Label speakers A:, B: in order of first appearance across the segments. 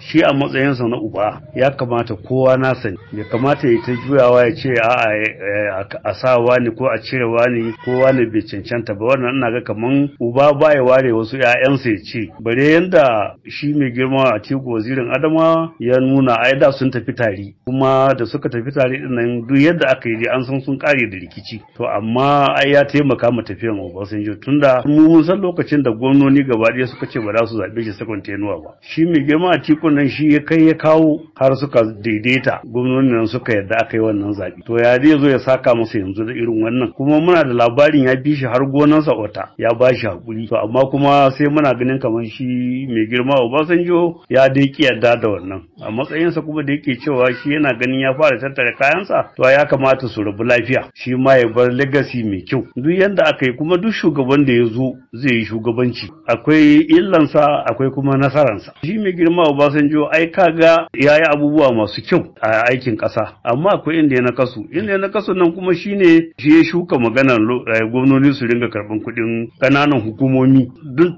A: shi a matsayinsa na uba ya kamata kowa na sani ya kamata ya ta juyawa ya ce a eh, a sa wani ko a cire wani ko wani bai cancanta ba wannan ina ga kamar uba baya ware wasu 'ya'yansa ya ce bare yanda shi mai girma a tiku wazirin adama ya nuna ai da sun tafi tare kuma da suka tafi tare din duk yadda aka yi an san sun kare da rikici to amma ai ya taimaka ma tafiyan Obasanjo tunda mun san lokacin da gwamnoni gaba ɗaya suka ce ba za su zaɓe shi sakon tenuwa ba shi mai girma a Atikun nan shi ya kai ya kawo har suka daidaita gwamnonin nan suka yadda aka yi wannan zaɓe. To ya dai zo ya saka musu yanzu da irin wannan kuma muna da labarin ya bi shi har gonan sa wata ya ba shi haƙuri. To amma kuma sai muna ganin kamar shi mai girma Obasanjo ya dai ki yadda da wannan. A matsayinsa kuma da yake cewa shi yana ganin ya fara tattara kayansa to ya kamata su rabu lafiya shi ma ya bar legacy mai kyau. Duk yanda aka yi kuma duk shugaban da ya zo zai yi shugabanci. Akwai illansa akwai kuma nasaransa. Shi mai girma Obasanjo ai kaga ya yi abubuwa masu kyau a aikin ƙasa amma akwai inda ya na kasu inda ya na kasu nan kuma shine shi ya shuka maganar eh, gwamnoni su ringa karɓan kuɗin ƙananan hukumomi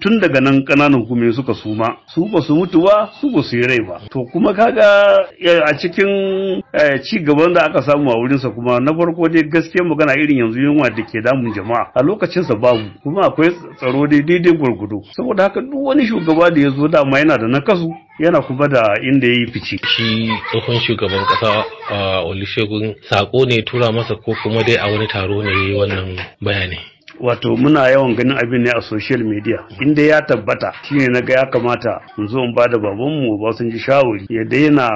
A: tun daga nan ƙananan hukumomi suka suma su ba su mutu ba su ba su yi rai ba to kuma kaga eh, a cikin eh, ci gaban da aka samu a wurinsa kuma na farko dai gaskiya magana irin yanzu yunwa da ke damun jama'a a lokacinsa babu kuma akwai tsaro daidai gwargwado saboda haka duk wani shugaba da ya zo dama yana da nakasu yana kuma
B: da inda ya yi fice. Shi tsohon shugaban kasa a Olusegun sako ne tura masa ko kuma dai a wani taro ne wannan bayani. Wato muna yawan ganin abin
A: ne a social media inda ya tabbata shi ne na ga ya kamata in zo in bada babanmu ba sun ji shawari ya daina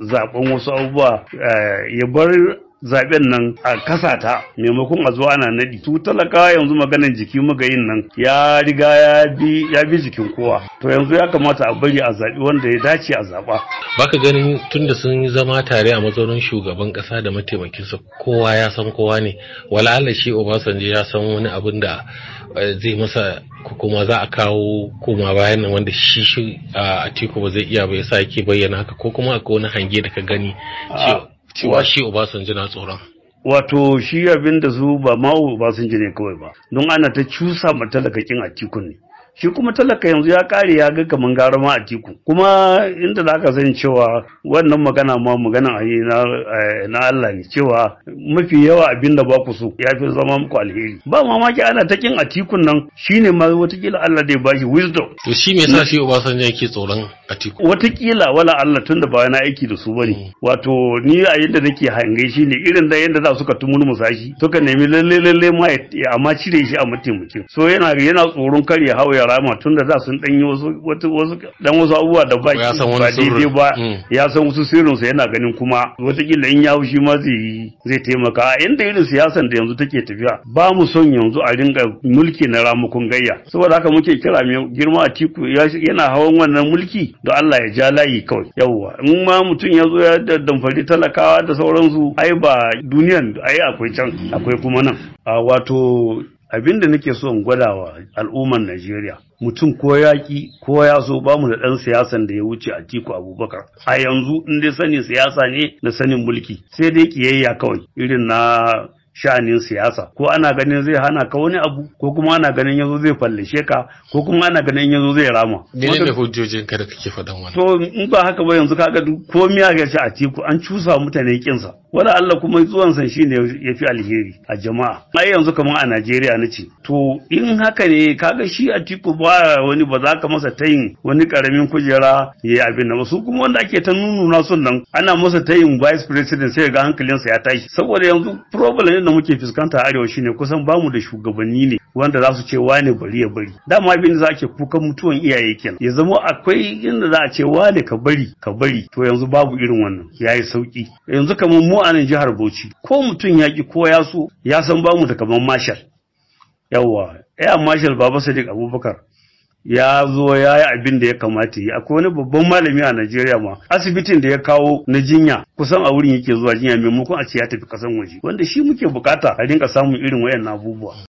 A: zaben wasu abubuwa eh, ya bar Zaɓen nan a kasa ta maimakon a zuwa ana nadi Tu talaka yanzu maganan jiki muga yin nan ya riga ya bi jikin kowa to yanzu ya kamata a bari a zabi wanda ya dace
B: a zaba baka ganin tunda sun yi zama tare a mazaunin shugaban ƙasa da mataimakinsa kowa ya san kowa ne wala Allah shi Obasanjo ya san wani abin da eh, zai masa kuma za a kawo koma bayan nan wanda shi shi a ah, Atiku ba zai iya ba ya ke bayyana haka ko kuma akwai wani hange da ka gani ah, cewa cewa shi Obasanjo na tsoron
A: wato shi abinda da su ba ma Obasanjo ne kawai ba don ana ta cusa matalakakin a cikin ne shi kuma talaka yanzu ya kare ya ga kaman gara ma a tiku kuma inda za ka san cewa wannan magana ma magana a eh, na Allah ne cewa mafi yawa abin da ba ku so ya fi zama muku alheri ba mamaki ana ta kin a tikun nan shine ma watakila Allah dai ba shi wisdom to
B: shi me yasa shi Obasanjo yake tsoron a tiku
A: watakila wala Allah tunda ba wani aiki da su bane mm. wato ni a yadda nake hange shi ne irin da yadda za suka tumur musashi suka nemi lalle lalle ma amma cire shi a mutum so yana yana tsoron karya hawaya Karama tun da za su dan yi wasu wasu abubuwa da ba ya san ba hmm. ya san wasu sirrin sa yana ganin kuma wataƙila in ya haushi ma zai zai taimaka inda irin siyasan da yanzu take tafiya ba mu son yanzu a ringa mulki na ramukun gayya saboda haka muke kira mai girma a tiku yana hawan wannan mulki da Allah ya ja layi kawai yawwa in ma mutum ya zo ya damfari talakawa da sauransu ai ba duniyan ai akwai can akwai kuma nan wato abin da nake so in gwada wa al'ummar Najeriya mutum ko yaƙi ko ya so ba mu da ɗan siyasan da ya wuce a tiku abubakar a yanzu in dai sanin siyasa ne na sanin mulki sai dai ƙiyayya kawai irin na sha'anin siyasa ko ana ganin zai hana ka wani abu ko kuma ana ganin yazo zai fallishe ka ko kuma ana ganin yazo zai rama dole ne
B: hujjojin ka da kake faɗan wannan
A: to in ba haka ba yanzu kaga komai a ce a tiku an cusa mutane kinsa wala Allah kuma zuwan san shine yafi alheri a jama'a ai yanzu kamar a Najeriya nace to in haka ne kaga shi a tiku ba wani ba za ka masa tayin wani karamin kujera yayi abin nan su kuma wanda ake ta nununa sun nan ana masa tayin vice president sai ga hankalinsa ya tashi saboda yanzu problem da muke fuskanta arewa shine kusan bamu da shugabanni ne wanda za su ce wane bari ya bari dama abin da za ke kukan mutuwan iyaye kenan ya zama akwai inda za a ce wane ka bari ka bari to yanzu babu irin wannan Ya yi sauki yanzu kamar mu a nan jihar Bauchi ko mutum ya ki ko ya so ya san bamu da kamar mashal yawwa ya eh, mashal baba sadiq abubakar ya zo ya yi abin da ya kamata yi akwai wani babban malami a Najeriya ma asibitin da ya kawo na jinya kusan a wurin yake zuwa jinya maimakon a ce ya tafi kasan waje wanda shi muke bukata a dinga samun irin wayannan abubuwa